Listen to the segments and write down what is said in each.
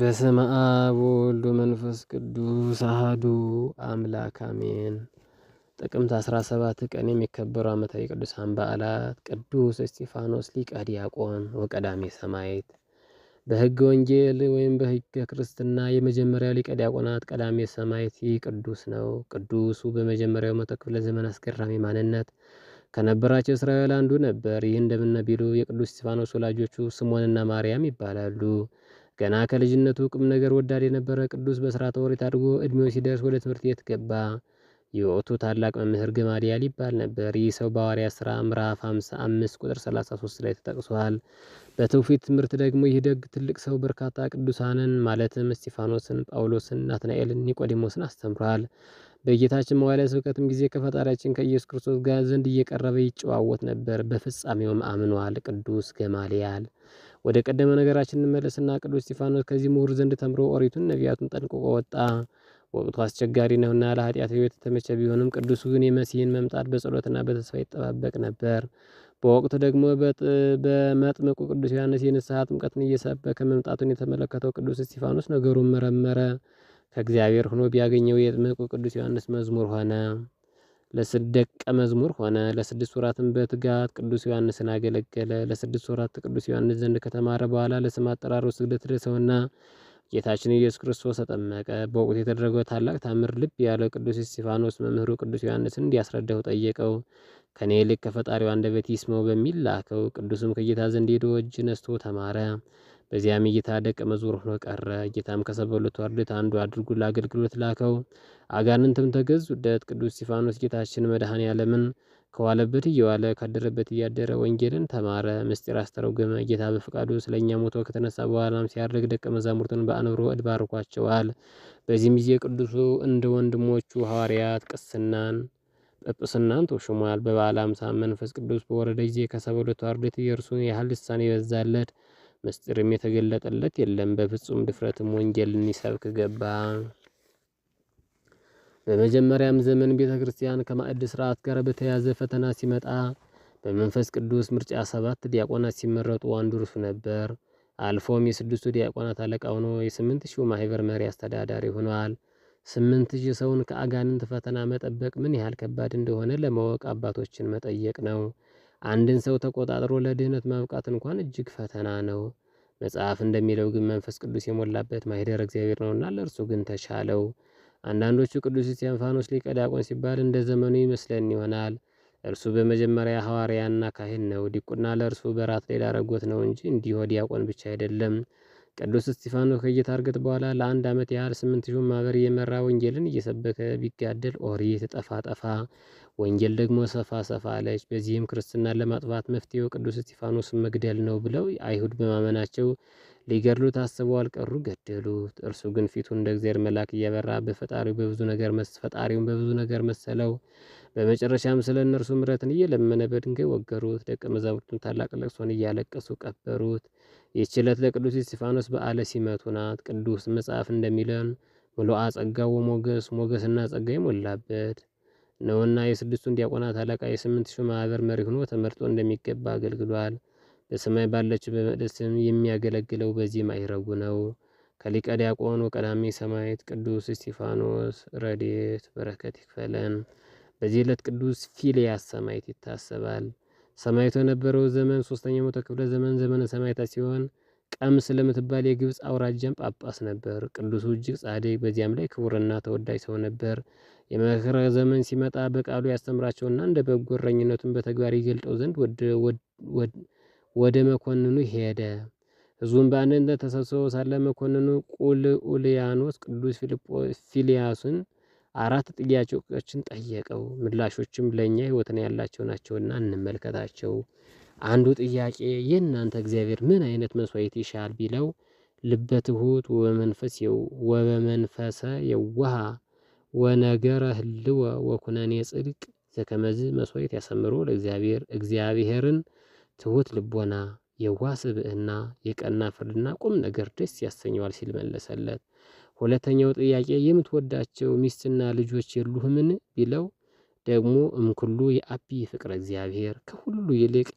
በስመ አብ ወወልድ ወመንፈስ ቅዱስ አሐዱ አምላክ አሜን። ጥቅምት 17 ቀን የሚከበሩ ዓመታዊ ቅዱሳን በዓላት ቅዱስ እስጢፋኖስ ሊቀ ዲያቆን ወቀዳሜ ሰማዕት። በሕገ ወንጌል ወይም በሕገ ክርስትና የመጀመሪያው ሊቀ ዲያቆናት ቀዳሜ ሰማዕት ይህ ቅዱስ ነው። ቅዱሱ በመጀመሪያው መቶ ክፍለ ዘመን አስገራሚ ማንነት ከነበራቸው እስራኤል አንዱ ነበር። ይህ እንደምነቢሉ ቢሉ የቅዱስ እስጢፋኖስ ወላጆቹ ስምዖንና ማርያም ይባላሉ። ገና ከልጅነቱ ቁም ነገር ወዳድ የነበረ ቅዱስ በስርዓተ ኦሪት አድጎ እድሜው ሲደርስ ወደ ትምህርት ቤት ገባ። የወቅቱ ታላቅ መምህር ገማልያል ይባል ነበር። ይህ ሰው በሐዋርያት ሥራ ምዕራፍ 55 ቁጥር 33 ላይ ተጠቅሷል። በትውፊት ትምህርት ደግሞ ይህ ደግ ትልቅ ሰው በርካታ ቅዱሳንን ማለትም እስጢፋኖስን፣ ጳውሎስን፣ ናትናኤልን፣ ኒቆዲሞስን አስተምሯል። በጌታችን መዋለ ስብከትም ጊዜ ከፈጣሪያችን ከኢየሱስ ክርስቶስ ጋር ዘንድ እየቀረበ ይጨዋወት ነበር። በፍጻሜውም አምኗል። ቅዱስ ገማልያል። ወደ ቀደመ ነገራችን እንመለስና ቅዱስ እስጢፋኖስ ከዚህ ምሁር ዘንድ ተምሮ ኦሪቱን፣ ነቢያቱን ጠንቅቆ ወጣ። ወቅቱ አስቸጋሪ ነውና ለኃጢአት ሕይወት የተመቸ ቢሆንም ቅዱሱ ግን የመሲህን መምጣት በጸሎትና በተስፋ ይጠባበቅ ነበር። በወቅቱ ደግሞ በመጥምቁ ቅዱስ ዮሐንስ የንስሐ ጥምቀትን እየሰበከ መምጣቱን የተመለከተው ቅዱስ እስጢፋኖስ ነገሩን መረመረ። ከእግዚአብሔር ሆኖ ቢያገኘው የጥምቁ ቅዱስ ዮሐንስ መዝሙር ሆነ። ለስደቀ መዝሙር ሆነ። ለስድስት ወራትም በትጋት ቅዱስ ዮሐንስን አገለገለ። ለስድስት ወራት ቅዱስ ዮሐንስ ዘንድ ከተማረ በኋላ ለስም አጠራሩ ስግደት ደሰውና ጌታችን ኢየሱስ ክርስቶስ ተጠመቀ። በወቅቱ የተደረገው ታላቅ ታምር ልብ ያለው ቅዱስ እስጢፋኖስ መምህሩ ቅዱስ ዮሐንስን እንዲያስረዳው ጠየቀው። ከእኔ ይልቅ ከፈጣሪው አንደበት ይስመው በሚል ላከው። ቅዱስም ከጌታ ዘንድ ሄዶ እጅ ነስቶ ተማረ። በዚያም እይታ ደቀ መዝሙር ሆኖ ቀረ። ጌታም ከሰበሉት ወርድት አንዱ አድርጉ ለአገልግሎት ላከው። አጋንንትም ተገዙለት። ቅዱስ እስጢፋኖስ ጌታችን መድኃኔ ዓለምን ከዋለበት እየዋለ ካደረበት እያደረ ወንጌልን ተማረ፣ ምስጢር አስተረጎመ። ጌታ በፈቃዱ እኛ ሞቶ ከተነሳ በኋላም ሲያርግ ደቀ መዛሙርትን በአንብሮ እድባርኳቸዋል። በዚህም ጊዜ ቅዱሱ እንደ ወንድሞቹ ሐዋርያት ቅስናን ጵጵስናን ተሾሟል። በበዓለ ሃምሳ መንፈስ ቅዱስ በወረደ ጊዜ ከሰበሉት ወርድት የእርሱን ያህል ልሳን ይበዛለት ምስጢርም የተገለጠለት የለም። በፍጹም ድፍረትም ወንጌልን ይሰብክ ገባ። በመጀመሪያም ዘመን ቤተ ክርስቲያን ከማዕድ ስርዓት ጋር በተያዘ ፈተና ሲመጣ በመንፈስ ቅዱስ ምርጫ ሰባት ዲያቆናት ሲመረጡ አንዱ እርሱ ነበር። አልፎም የስድስቱ ዲያቆናት አለቃ ሆኖ የስምንት ሺው ማህበር መሪ አስተዳዳሪ ሆኗል። ስምንት ሺህ ሰውን ከአጋንንት ፈተና መጠበቅ ምን ያህል ከባድ እንደሆነ ለማወቅ አባቶችን መጠየቅ ነው። አንድን ሰው ተቆጣጥሮ ለድህነት ማብቃት እንኳን እጅግ ፈተና ነው። መጽሐፍ እንደሚለው ግን መንፈስ ቅዱስ የሞላበት ማህደረ እግዚአብሔር ነውና ለእርሱ ግን ተሻለው። አንዳንዶቹ ቅዱስ እስጢፋኖስ ሊቀ ዲያቆን ሲባል እንደ ዘመኑ ይመስለን ይሆናል። እርሱ በመጀመሪያ ሐዋርያና ካህን ነው። ዲቁና ለእርሱ በራት ላይ ላረጎት ነው እንጂ እንዲሁ ዲያቆን ብቻ አይደለም። ቅዱስ እስጢፋኖስ ከጌታ እርገት በኋላ ለአንድ ዓመት ያህል ስምንት ሺህ ማህበር እየመራ ወንጌልን እየሰበከ ቢጋደል ኦሪት ጠፋ ጠፋ ወንጌል ደግሞ ሰፋ ሰፋ አለች። በዚህም ክርስትናን ለማጥፋት መፍትሄው ቅዱስ እስጢፋኖስ መግደል ነው ብለው አይሁድ በማመናቸው ሊገድሉት አስበው አልቀሩ ገደሉት። እርሱ ግን ፊቱን እንደ እግዚአብሔር መልአክ እያበራ በፈጣሪው በብዙ ነገር ፈጣሪውን በብዙ ነገር መሰለው። በመጨረሻም ስለ እነርሱ ምረትን እየለመነ በድንጋይ ወገሩት። ደቀ መዛሙርቱን ታላቅ ለቅሶን እያለቀሱ ቀበሩት። ይህች ዕለት ለቅዱስ እስጢፋኖስ በዓለ ሲመቱ ናት። ቅዱስ መጽሐፍ እንደሚለን ምሉአ ጸጋው ሞገስ ሞገስና ጸጋ ይሞላበት ነውና የስድስቱን ዲያቆናት አለቃ የስምንት ሺ ማህበር መሪ ሆኖ ተመርጦ እንደሚገባ አገልግሏል። በሰማይ ባለች በመቅደስም የሚያገለግለው በዚህ ማይረጉ ነው። ከሊቀ ዲያቆኑ ቀዳሚ ሰማዕት ቅዱስ እስጢፋኖስ ረድኤት በረከት ይክፈለን። በዚህ ዕለት ቅዱስ ፊልያስ ሰማዕት ይታሰባል። ሰማዕቱ የነበረው ዘመን ሶስተኛው መቶ ክፍለ ዘመን ዘመነ ሰማዕታት ሲሆን ቀም ስለምትባል የግብፅ አውራጃም ጳጳስ ነበር። ቅዱሱ እጅግ ጻድቅ፣ በዚያም ላይ ክቡርና ተወዳጅ ሰው ነበር። የመከረ ዘመን ሲመጣ በቃሉ ያስተምራቸውና እንደ በጎ እረኝነቱን በተግባር ይገልጠው ዘንድ ወደ መኮንኑ ሄደ። ሕዝቡም በአንድነት ተሰብስበው ሳለ መኮንኑ ኡልያኖስ ቅዱስ ፊልያሱን አራት ጥያቄዎችን ጠየቀው። ምላሾችም ለእኛ ሕይወትን ያላቸው ናቸውና እንመልከታቸው። አንዱ ጥያቄ የእናንተ እግዚአብሔር ምን አይነት መስዋዕት ይሻል ቢለው ልበ ትሑት ወበመንፈስ ወበመንፈሰ የዋሃ ወነገረ ህልወ ወኩነኔ ጽድቅ ዘከመዝ መስዋዕት ያሰምሩ ለእግዚአብሔር እግዚአብሔርን ትሁት ልቦና የዋህ ስብዕና የቀና ፍርድና ቁም ነገር ደስ ያሰኘዋል ሲል መለሰለት። ሁለተኛው ጥያቄ የምትወዳቸው ሚስትና ልጆች የሉህምን ቢለው ደግሞ እምኩሉ የአቢ ፍቅረ እግዚአብሔር ከሁሉ ይልቅ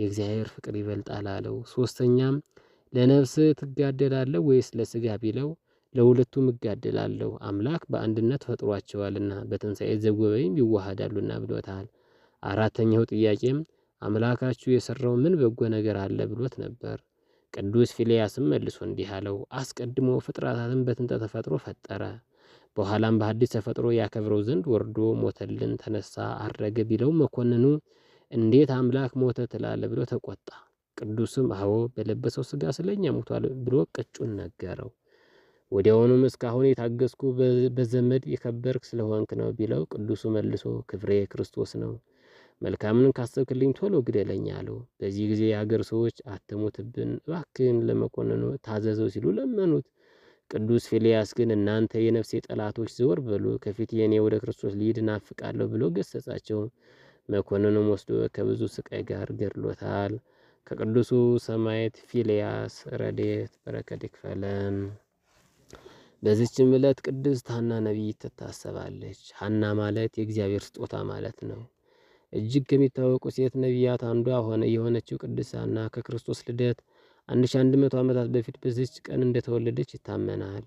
የእግዚአብሔር ፍቅር ይበልጣል አለው። ሶስተኛም ለነፍስ ትጋደላለህ ወይስ ለስጋ ቢለው ለሁለቱም እጋደላለሁ አምላክ በአንድነት ፈጥሯቸዋልና በትንሣኤ ዘጉባኤም ይዋሃዳሉና ብሎታል። አራተኛው ጥያቄም አምላካችሁ የሰራው ምን በጎ ነገር አለ ብሎት ነበር። ቅዱስ ፊልያስም መልሶ እንዲህ አለው፣ አስቀድሞ ፍጥረታትን በትንተ ተፈጥሮ ፈጠረ። በኋላም በሀዲስ ተፈጥሮ ያከብረው ዘንድ ወርዶ ሞተልን፣ ተነሳ፣ አረገ ቢለው መኮንኑ እንዴት አምላክ ሞተ ትላለ ብሎ ተቆጣ። ቅዱስም አዎ በለበሰው ሥጋ ስለኛ ሞቷል ብሎ ቅጩን ነገረው። ወዲያውኑም እስካሁን የታገስኩ በዘመድ የከበርክ ስለሆንክ ነው ቢለው ቅዱሱ መልሶ ክብሬ ክርስቶስ ነው፣ መልካምን ካሰብክልኝ ቶሎ ግደለኝ አለው። በዚህ ጊዜ የአገር ሰዎች አትሙትብን፣ እባክህን ለመኮንኑ ታዘዘው ሲሉ ለመኑት። ቅዱስ ፊልያስ ግን እናንተ የነፍሴ ጠላቶች ዘወር በሉ ከፊት የእኔ ወደ ክርስቶስ ሊድ እናፍቃለሁ ብሎ ገሰጻቸው። መኮንኑም ወስዶ ከብዙ ስቃይ ጋር ገድሎታል። ከቅዱሱ ሰማዕት ፊልያስ ረድኤት በረከት ይክፈለን። በዚችም ዕለት ቅድስት ሐና ነቢይ ትታሰባለች። ሐና ማለት የእግዚአብሔር ስጦታ ማለት ነው። እጅግ ከሚታወቁ ሴት ነቢያት አንዷ ሆነ የሆነችው ቅድስት ሐና ከክርስቶስ ልደት 1100 ዓመታት በፊት በዚች ቀን እንደተወለደች ይታመናል።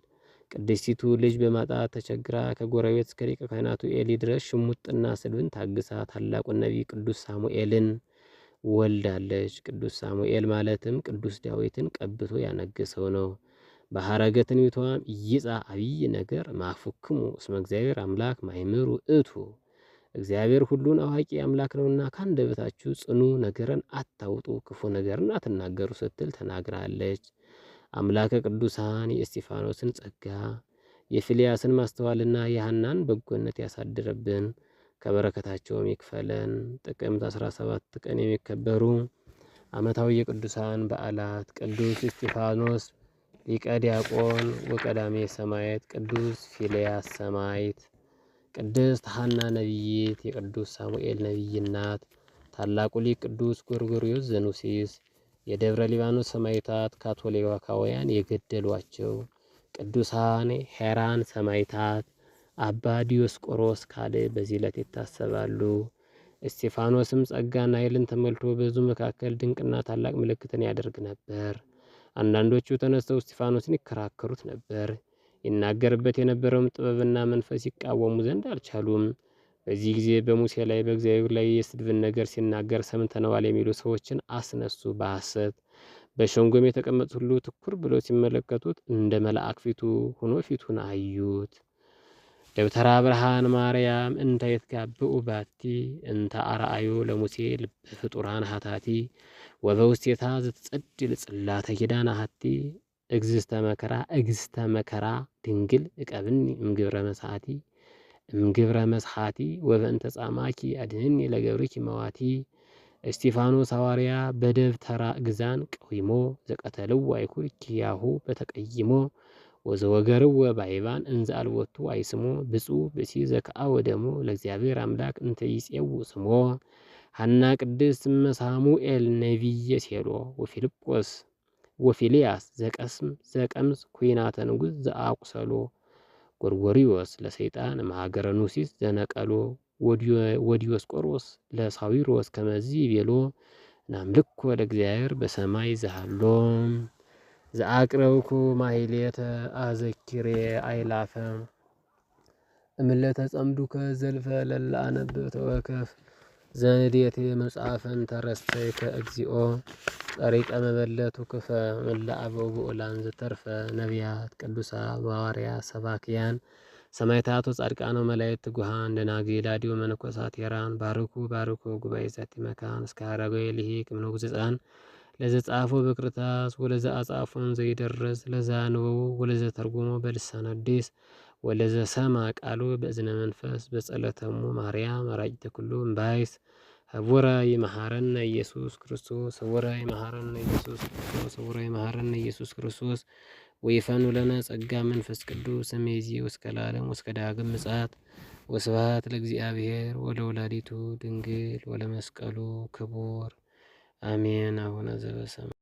ቅድስቲቱ ልጅ በማጣት ተቸግራ ከጎረቤት እስከ ሊቀ ካህናቱ ኤሊ ድረስ ሽሙጥና ስድብን ታግሳ ታላቁን ነቢይ ቅዱስ ሳሙኤልን ወልዳለች። ቅዱስ ሳሙኤል ማለትም ቅዱስ ዳዊትን ቀብቶ ያነገሰው ነው። በሐረገ ትንቢቷም ይጻ አብይ ነገር ማፉክሙ እስመ እግዚአብሔር አምላክ ማይምሩ እቱ እግዚአብሔር ሁሉን አዋቂ አምላክ ነውና ካንደበታችሁ ጽኑ ነገርን አታውጡ፣ ክፉ ነገርን አትናገሩ ስትል ተናግራለች። አምላከ ቅዱሳን የእስጢፋኖስን ጸጋ የፊልያስን ማስተዋልና የሐናን በጎነት ያሳድርብን፣ ከበረከታቸውም ይክፈለን። ጥቅምት 17 ቀን የሚከበሩ ዓመታዊ የቅዱሳን በዓላት፦ ቅዱስ እስጢፋኖስ ሊቀ ዲያቆን ወቀዳሜ ሰማየት ቅዱስ ፊልያስ ሰማይት፣ ቅድስት ሐና ነቢይት፣ የቅዱስ ሳሙኤል ነብይናት ታላቁ ሊቅ ቅዱስ ጎርጎርዮስ ዘኑሲስ፣ የደብረ ሊባኖስ ሰማይታት ካቶሊካውያን የገደሏቸው ቅዱሳን ሄራን ሰማይታት፣ አባ ዲዮስቆሮስ ካልዕ በዚህ ዕለት ይታሰባሉ። እስጢፋኖስም ጸጋና ኃይልን ተሞልቶ በዙ መካከል ድንቅና ታላቅ ምልክትን ያደርግ ነበር። አንዳንዶቹ ተነስተው እስጢፋኖስን ይከራከሩት ነበር። ይናገርበት የነበረውም ጥበብና መንፈስ ይቃወሙ ዘንድ አልቻሉም። በዚህ ጊዜ በሙሴ ላይ በእግዚአብሔር ላይ የስድብን ነገር ሲናገር ሰምተነዋል የሚሉ ሰዎችን አስነሱ በሐሰት። በሸንጎም የተቀመጡት ሁሉ ትኩር ብለው ሲመለከቱት እንደ መልአክ ፊቱ ሆኖ ፊቱን አዩት። ደብተራ ብርሃን ማርያም እንተ የትጋብኡ ባቲ እንተ አርአዩ ለሙሴ ልበ ፍጡራን ወበ ወበውስቴታ ዘትጸድል ጽላተ ኪዳነ ሃቲ እግዝስተ መከራ እግዝስተ መከራ ድንግል እቀብኒ እምግብረ መስሓቲ እምግብረ መስሓቲ ወበእንተ ጻማኪ አድህኒ ለገብርኪ መዋቲ እስጢፋኖስ ሐዋርያ በደብተራ ግዛን ቀዊሞ ዘቀተልዋ ይኩርኪ በተቀይሞ ወዘወገርወ ባይባን እንዘ አልወቱ አይስሞ ብፁዕ ብእሲ ዘከአወ ደሞ ለእግዚአብሔር አምላክ እንተ ይጼው ስሞ ሐና ቅድስት እመ ሳሙኤል ነቢየ ሴሎ ወፊልጶስ ወፊልያስ ዘቀስም ዘቀምስ ኩናተ ንጉሥ ዘአቁሰሎ ጎርጎሪዎስ ለሰይጣን ማሃገረ ኑሲስ ዘነቀሎ ወዲዮስቆሮስ ለሳዊሮስ ከመዚ ቤሎ ናምልኮ ለእግዚአብሔር በሰማይ ዘሃሎም ዘአቅረብኩ ማሕሌተ አዘኪሬ አይላፈ እምለተ ጸምዱከ ዘልፈ ለላ አነብብ ተወከፍ ዘንዴቴ መጽሐፈን ተረስተይ ከእግዚኦ ጠሪቀ መበለቱ ክፈ መላ አበው ብኡላን ዘተርፈ ነቢያት ቅዱሳት ሐዋርያ ሰባክያን ሰማዕታት ጻድቃን መላእክት ትጉሃን ደናግል አዲው መነኮሳት የራን ባርኩ ባርኩ ጉባኤ ዘቲ መካን እስከ ሀረገ ልሂቅ ምንጉዝፃን ለዘጻፎ በክርታስ ወለዘ አጻፎን ዘይደረስ ለዛ ለዛንበቡ ወለዘ ተርጉሞ በልሳን አዲስ ወለዘ ሰማ ቃሉ በእዝነ መንፈስ በጸለተሙ ማርያም አራጅ ኩሉ እምባይስ ህቡረ ይመሃረነ ኢየሱስ ክርስቶስ ህቡረ ይመሃረነ ኢየሱስ ክርስቶስ ህቡረ ይመሃረነ ኢየሱስ ክርስቶስ ወይፈኑ ለነ ጸጋ መንፈስ ቅዱስ እምይእዜ እስከ ለዓለም እስከ ዳግም ምጽአት ወስብሐት ለእግዚአብሔር ወለወላዲቱ ድንግል ወለመስቀሉ ክቡር አሜን። አቡነ ዘበሰማያት